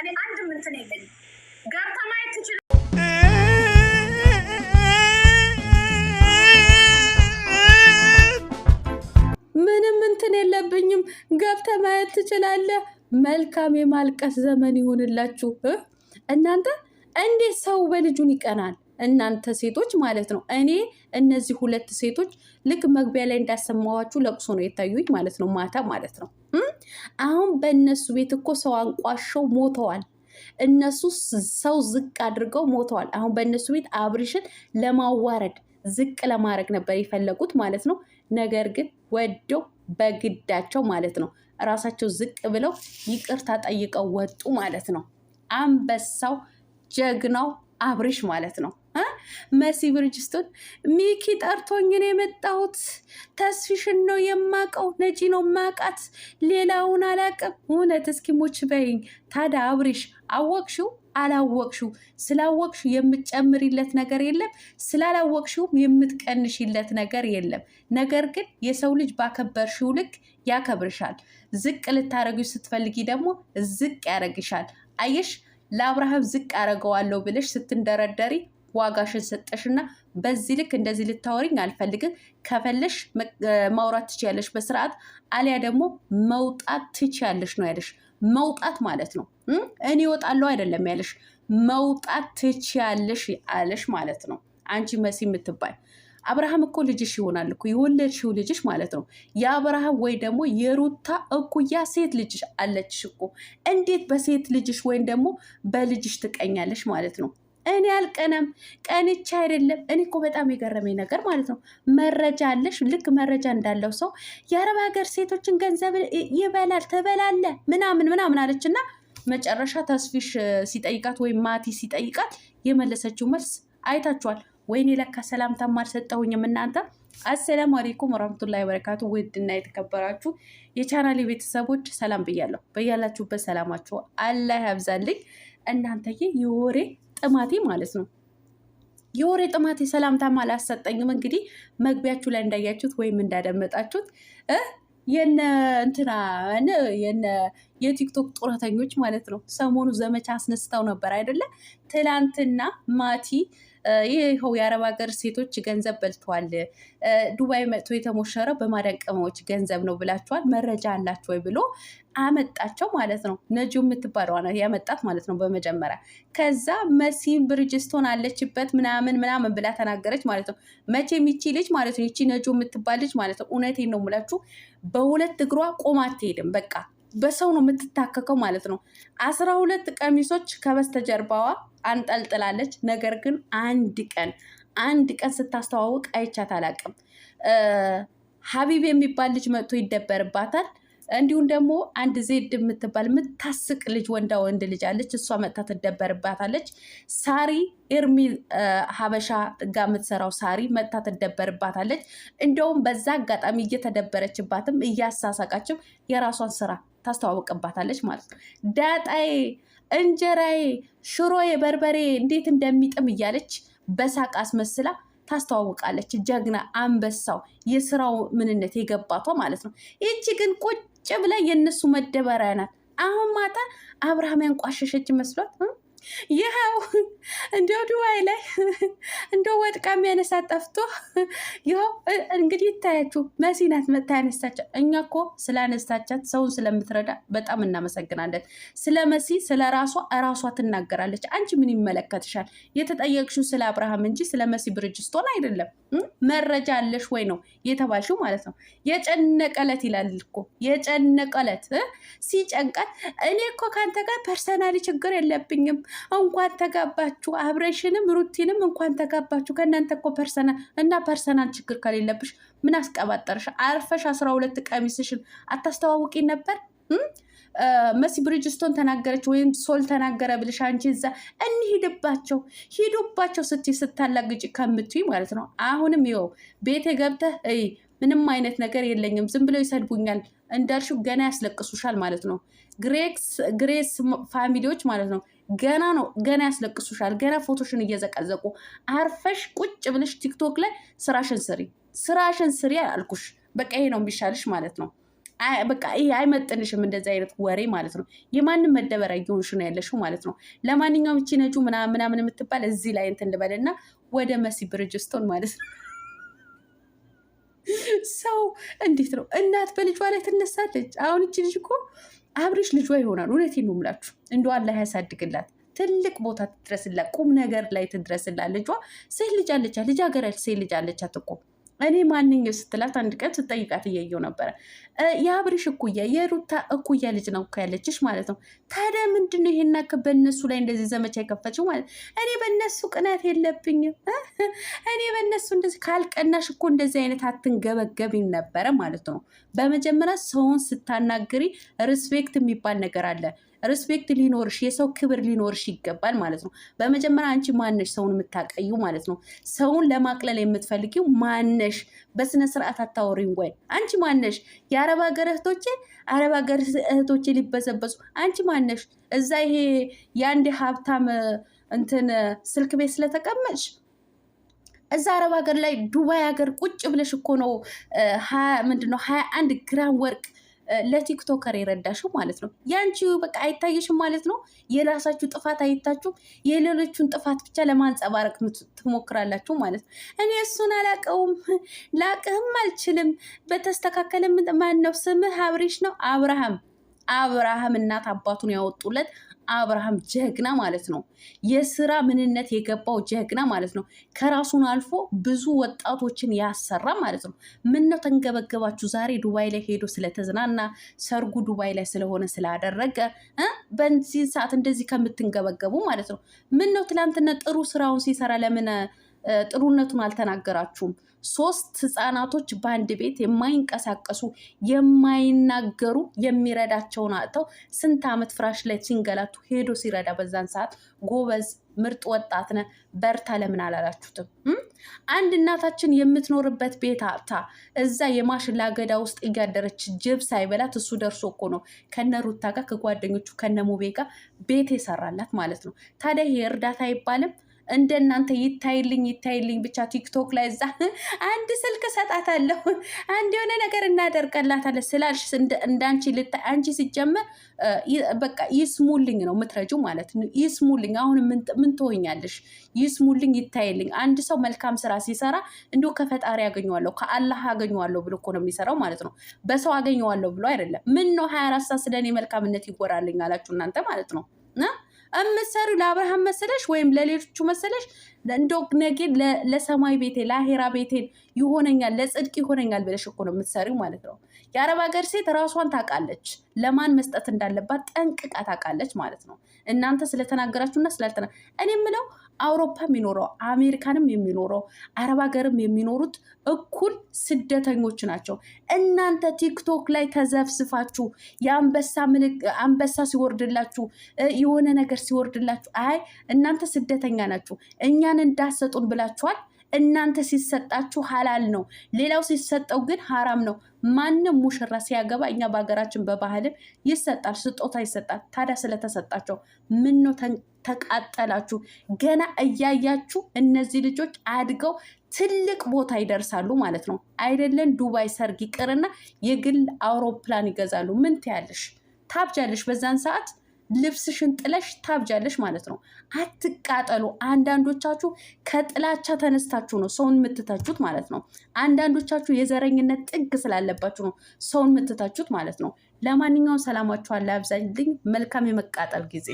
እኔ አንድም እንትን የለኝም። ገብተህ ማየት ትችላለህ። ምንም እንትን የለብኝም። ገብተ ማየት ትችላለህ። መልካም የማልቀስ ዘመን ይሆንላችሁ እናንተ። እንዴት ሰው በልጁን ይቀናል? እናንተ ሴቶች ማለት ነው። እኔ እነዚህ ሁለት ሴቶች ልክ መግቢያ ላይ እንዳሰማዋችሁ ለቅሶ ነው የታዩኝ ማለት ነው፣ ማታ ማለት ነው። አሁን በእነሱ ቤት እኮ ሰው አንቋሸው ሞተዋል። እነሱ ሰው ዝቅ አድርገው ሞተዋል። አሁን በእነሱ ቤት አብርሽን ለማዋረድ ዝቅ ለማድረግ ነበር የፈለጉት ማለት ነው። ነገር ግን ወደው በግዳቸው ማለት ነው እራሳቸው ዝቅ ብለው ይቅርታ ጠይቀው ወጡ ማለት ነው። አንበሳው ጀግናው አብርሽ ማለት ነው። መሲ ብርጅስቶን ሚኪ ጠርቶኝ ነው የመጣሁት። ተስፊሽን ነው የማቀው፣ ነጂ ነው ማቃት፣ ሌላውን አላቅም። እውነት እስኪሞች በይኝ። ታዲያ አብሬሽ አወቅሽው አላወቅሽው ስላወቅሽው የምትጨምሪለት ነገር የለም፣ ስላላወቅሽውም የምትቀንሽለት ነገር የለም። ነገር ግን የሰው ልጅ ባከበርሽው ልክ ያከብርሻል። ዝቅ ልታረጊው ስትፈልጊ ደግሞ ዝቅ ያረግሻል። አየሽ፣ ለአብርሃም ዝቅ ያረገዋለሁ ብለሽ ስትንደረደሪ ዋጋሽን ሰጠሽና በዚህ ልክ እንደዚህ ልታወሪኝ አልፈልግም። ከፈለሽ ማውራት ትችያለሽ በስርዓት አሊያ ደግሞ መውጣት ትችያለሽ ነው ያለሽ። መውጣት ማለት ነው እኔ እወጣለሁ አይደለም ያለሽ፣ መውጣት ትችያለሽ አለሽ ማለት ነው። አንቺ መሲ የምትባል አብርሃም እኮ ልጅሽ ይሆናል እኮ የወለድሽው ልጅሽ ማለት ነው። የአብርሃም ወይ ደግሞ የሩታ እኩያ ሴት ልጅሽ አለችሽ እኮ። እንዴት በሴት ልጅሽ ወይም ደግሞ በልጅሽ ትቀኛለሽ ማለት ነው? እኔ አልቀነም ቀንቻ አይደለም። እኔ እኮ በጣም የገረመኝ ነገር ማለት ነው መረጃ አለሽ ልክ መረጃ እንዳለው ሰው የአረብ ሀገር ሴቶችን ገንዘብ ይበላል ትበላለ ምናምን ምናምን አለች እና መጨረሻ ተስፊሽ ሲጠይቃት ወይም ማቲ ሲጠይቃት የመለሰችው መልስ አይታችኋል። ወይኔ ለካ ሰላምታም አልሰጠሁኝም። እናንተ አሰላሙ አሌይኩም ወራህመቱላሂ ወበረካቱ። ውድና የተከበራችሁ የቻናሌ ቤተሰቦች ሰላም ብያለሁ። በያላችሁበት ሰላማችሁ አላህ ያብዛልኝ። እናንተዬ የወሬ ጥማቴ ማለት ነው። የወሬ ጥማቴ ሰላምታም አላሰጠኝም። እንግዲህ መግቢያችሁ ላይ እንዳያችሁት ወይም እንዳደመጣችሁት የነ እንትና የነ የቲክቶክ ጡረተኞች ማለት ነው ሰሞኑ ዘመቻ አስነስተው ነበር አይደለ? ትላንትና ማቲ ይኸው የአረብ ሀገር ሴቶች ገንዘብ በልተዋል፣ ዱባይ መጥቶ የተሞሸረው በማዳን ቅመሞች ገንዘብ ነው ብላችኋል፣ መረጃ አላችሁ ወይ ብሎ አመጣቸው ማለት ነው። ነጁ የምትባለው ያመጣት ማለት ነው በመጀመሪያ። ከዛ መሲን ብርጅስቶን አለችበት ምናምን ምናምን ብላ ተናገረች ማለት ነው። መቼም ይቺ ልጅ ማለት ነው ይቺ ነጁ የምትባል ልጅ ማለት ነው። እውነቴን ነው የምላችሁ በሁለት እግሯ ቆማ አትሄድም በቃ በሰው ነው የምትታከከው ማለት ነው። አስራ ሁለት ቀሚሶች ከበስተጀርባዋ አንጠልጥላለች። ነገር ግን አንድ ቀን አንድ ቀን ስታስተዋውቅ አይቻት አላቅም። ሀቢብ የሚባል ልጅ መጥቶ ይደበርባታል። እንዲሁም ደግሞ አንድ ዜድ የምትባል የምታስቅ ልጅ ወንዳ ወንድ ልጅ አለች። እሷ መጥታ ትደበርባታለች። ሳሪ ኤርሚ ሀበሻ ጋ የምትሰራው ሳሪ መጥታ ትደበርባታለች። እንደውም በዛ አጋጣሚ እየተደበረችባትም እያሳሳቃችም የራሷን ስራ ታስተዋወቅባታለች ማለት ነው። ዳጣዬ፣ እንጀራዬ፣ ሽሮዬ፣ በርበሬ እንዴት እንደሚጥም እያለች በሳቅ አስመስላ ታስተዋውቃለች። ጀግና አንበሳው የስራው ምንነት የገባቷ ማለት ነው። ይቺ ግን ቁጭ ብላ የእነሱ መደበሪያ ናት። አሁን ማታ አብርሃም ያንቋሸሸች መስሏት ይኸው እንደው ዱባይ ላይ እንደው ወድቃ የሚያነሳት ጠፍቶ፣ ይኸው እንግዲህ ይታያችሁ። መሲ ናት መታ ያነሳቻት። እኛ እኮ ስላነሳቻት ሰውን ስለምትረዳ በጣም እናመሰግናለን። ስለ መሲ ስለ ራሷ ራሷ ትናገራለች። አንቺ ምን ይመለከትሻል? የተጠየቅሽው ስለ አብርሃም እንጂ ስለ መሲ ብርጅስቶን አይደለም። መረጃ አለሽ ወይ ነው የተባልሽው ማለት ነው። የጨነቀለት ይላል እኮ የጨነቀለት ሲጨንቀት እኔ እኮ ከአንተ ጋር ፐርሰናሊ ችግር የለብኝም እንኳን ተጋባችሁ አብረሽንም ሩቲንም እንኳን ተጋባችሁ። ከእናንተ እኮ ፐርሰናል እና ፐርሰናል ችግር ከሌለብሽ ምን አስቀባጠርሽ? አርፈሽ አስራ ሁለት ቀሚስሽን አታስተዋውቂ ነበር። መሲ ብሪጅስቶን ተናገረች ወይም ሶል ተናገረ ብልሽ አንቺ እዛ እንሂድባቸው ሂዱባቸው ስት ስታላግጭ ከምትይ ማለት ነው። አሁንም ይኸው ቤቴ ገብተህ እይ ምንም አይነት ነገር የለኝም፣ ዝም ብለው ይሰድቡኛል እንዳልሽው ገና ያስለቅሱሻል ማለት ነው። ግሬክስ ግሬስ ፋሚሊዎች ማለት ነው ገና ነው ገና ያስለቅሱሻል። ገና ፎቶሽን እየዘቀዘቁ አርፈሽ ቁጭ ብለሽ ቲክቶክ ላይ ስራሽን ስሪ፣ ስራሽን ስሪ አልኩሽ። በቃ ይሄ ነው የሚሻልሽ ማለት ነው። በቃ ይሄ አይመጥንሽም እንደዚህ አይነት ወሬ ማለት ነው። የማንም መደበሪያ እየሆንሽ ነው ያለሽው ማለት ነው። ለማንኛውም እቺ ነጁ ምናምን የምትባል እዚህ ላይ እንትን ልበልና ወደ መሲ ብርጅስቶን ማለት ነው። ሰው እንዴት ነው እናት በልጇ ላይ ትነሳለች? አሁን እቺ ልጅ እኮ አብርሽ ልጇ ይሆናል። እውነቴን ነው የምላችሁ። እንደው አላህ ያሳድግላት ትልቅ ቦታ ትድረስላት፣ ቁም ነገር ላይ ትድረስላት። ልጇ ሴት ልጅ አለቻት፣ ልጃገረድ ሴት ልጅ አለቻት እኮ እኔ ማንኛው ስትላት አንድ ቀን ስትጠይቃት እያየው ነበረ። የአብርሽ እኩያ የሩታ እኩያ ልጅ ነው እኮ ያለችሽ ማለት ነው። ታዲያ ምንድን ነው በእነሱ ላይ እንደዚህ ዘመቻ የከፈችው ማለት እኔ በእነሱ ቅናት የለብኝም። እኔ በእነሱ እንደዚህ ካልቀናሽ እኮ እንደዚህ አይነት አትንገበገብኝ ነበረ ማለት ነው። በመጀመሪያ ሰውን ስታናግሪ ሪስፔክት የሚባል ነገር አለ። ሪስፔክት ሊኖርሽ የሰው ክብር ሊኖርሽ ይገባል ማለት ነው። በመጀመሪያ አንቺ ማነሽ ሰውን የምታቀዩ ማለት ነው። ሰውን ለማቅለል የምትፈልጊው ማነሽ? በስነ ስርዓት አታወሪም ወይ? አንቺ ማነሽ? የአረብ ሀገር እህቶቼ አረብ ሀገር እህቶቼ ሊበዘበዙ አንቺ ማነሽ? እዛ ይሄ የአንድ ሀብታም እንትን ስልክ ቤት ስለተቀመጭ እዛ አረብ ሀገር ላይ ዱባይ ሀገር ቁጭ ብለሽ እኮ ነው ምንድነው ሀያ አንድ ግራም ወርቅ ለቲክቶከር የረዳሽው ማለት ነው። ያንቺ በቃ አይታየሽም ማለት ነው። የራሳችሁ ጥፋት አይታችሁ የሌሎቹን ጥፋት ብቻ ለማንጸባረቅ ትሞክራላችሁ ማለት ነው። እኔ እሱን አላቀውም፣ ላቅህም አልችልም። በተስተካከለ ማነው ስምህ? አብሬሽ ነው አብርሃም አብርሃም እናት አባቱን ያወጡለት አብርሃም ጀግና ማለት ነው። የስራ ምንነት የገባው ጀግና ማለት ነው። ከራሱን አልፎ ብዙ ወጣቶችን ያሰራ ማለት ነው። ምነው ተንገበገባችሁ? ዛሬ ዱባይ ላይ ሄዶ ስለተዝናና ሰርጉ ዱባይ ላይ ስለሆነ ስላደረገ በዚህ ሰዓት እንደዚህ ከምትንገበገቡ ማለት ነው። ምነው ትላንትና ጥሩ ስራውን ሲሰራ ለምን ጥሩነቱን አልተናገራችሁም። ሶስት ህፃናቶች በአንድ ቤት የማይንቀሳቀሱ የማይናገሩ የሚረዳቸውን አጥተው ስንት ዓመት ፍራሽ ላይ ሲንገላቱ ሄዶ ሲረዳ በዛን ሰዓት ጎበዝ ምርጥ ወጣት ነ በርታ ለምን አላላችሁትም? አንድ እናታችን የምትኖርበት ቤት አጥታ እዛ የማሽላ አገዳ ውስጥ እያደረች ጅብ ሳይበላት እሱ ደርሶ እኮ ነው ከነ ሩታ ጋር ከጓደኞቹ ከነ ሙቤ ጋር ቤት የሰራላት ማለት ነው። ታዲያ ይሄ እርዳታ አይባልም? እንደናንተ ይታይልኝ ይታይልኝ ብቻ ቲክቶክ ላይ እዛ አንድ ስልክ ሰጣታለሁ፣ አንድ የሆነ ነገር እናደርቀላታለ ስላልሽ እንዳንቺ ልታይ አንቺ ሲጀመር በቃ ይስሙልኝ ነው የምትረጂው ማለት ነው። ይስሙልኝ አሁን ምን ትሆኛለሽ? ይስሙልኝ ይታይልኝ። አንድ ሰው መልካም ስራ ሲሰራ እንዲሁ ከፈጣሪ ያገኘዋለሁ ከአላህ ያገኘዋለሁ ብሎ እኮ ነው የሚሰራው ማለት ነው። በሰው አገኘዋለሁ ብሎ አይደለም። ምን ነው ሀያ አራት ሰዓት ስለኔ መልካምነት ይወራልኝ አላችሁ እናንተ ማለት ነው። እምትሰሩ ለአብርሃም መሰለሽ ወይም ለሌሎቹ መሰለሽ? እንደው ነገ ለሰማይ ቤቴ ለአሄራ ቤቴን ይሆነኛል ለጽድቅ ይሆነኛል ብለሽ እኮ ነው የምትሰሪው ማለት ነው። የአረብ ሀገር ሴት ራሷን ታውቃለች፣ ለማን መስጠት እንዳለባት ጠንቅቃ ታውቃለች ማለት ነው። እናንተ ስለተናገራችሁና ስላልተና እኔ የምለው አውሮፓ የሚኖረው አሜሪካንም የሚኖረው አረብ ሀገርም የሚኖሩት እኩል ስደተኞች ናቸው። እናንተ ቲክቶክ ላይ ተዘፍስፋችሁ አንበሳ ሲወርድላችሁ የሆነ ነገር ሲወርድላችሁ፣ አይ እናንተ ስደተኛ ናችሁ እኛን እንዳሰጡን ብላችኋል። እናንተ ሲሰጣችሁ ሀላል ነው፣ ሌላው ሲሰጠው ግን ሀራም ነው። ማንም ሙሽራ ሲያገባ እኛ በሀገራችን በባህልም ይሰጣል፣ ስጦታ ይሰጣል። ታዲያ ስለተሰጣቸው ምን ነው ተቃጠላችሁ? ገና እያያችሁ እነዚህ ልጆች አድገው ትልቅ ቦታ ይደርሳሉ ማለት ነው። አይደለን ዱባይ ሰርግ ይቅርና የግል አውሮፕላን ይገዛሉ። ምን ትያለሽ? ታብጃለሽ በዛን ሰዓት ልብስሽን ጥለሽ ታብጃለሽ ማለት ነው። አትቃጠሉ። አንዳንዶቻችሁ ከጥላቻ ተነስታችሁ ነው ሰውን የምትተቹት ማለት ነው። አንዳንዶቻችሁ የዘረኝነት ጥግ ስላለባችሁ ነው ሰውን የምትተቹት ማለት ነው። ለማንኛውም ሰላማችኋን አለ አብዛኝ ልኝ መልካም የመቃጠል ጊዜ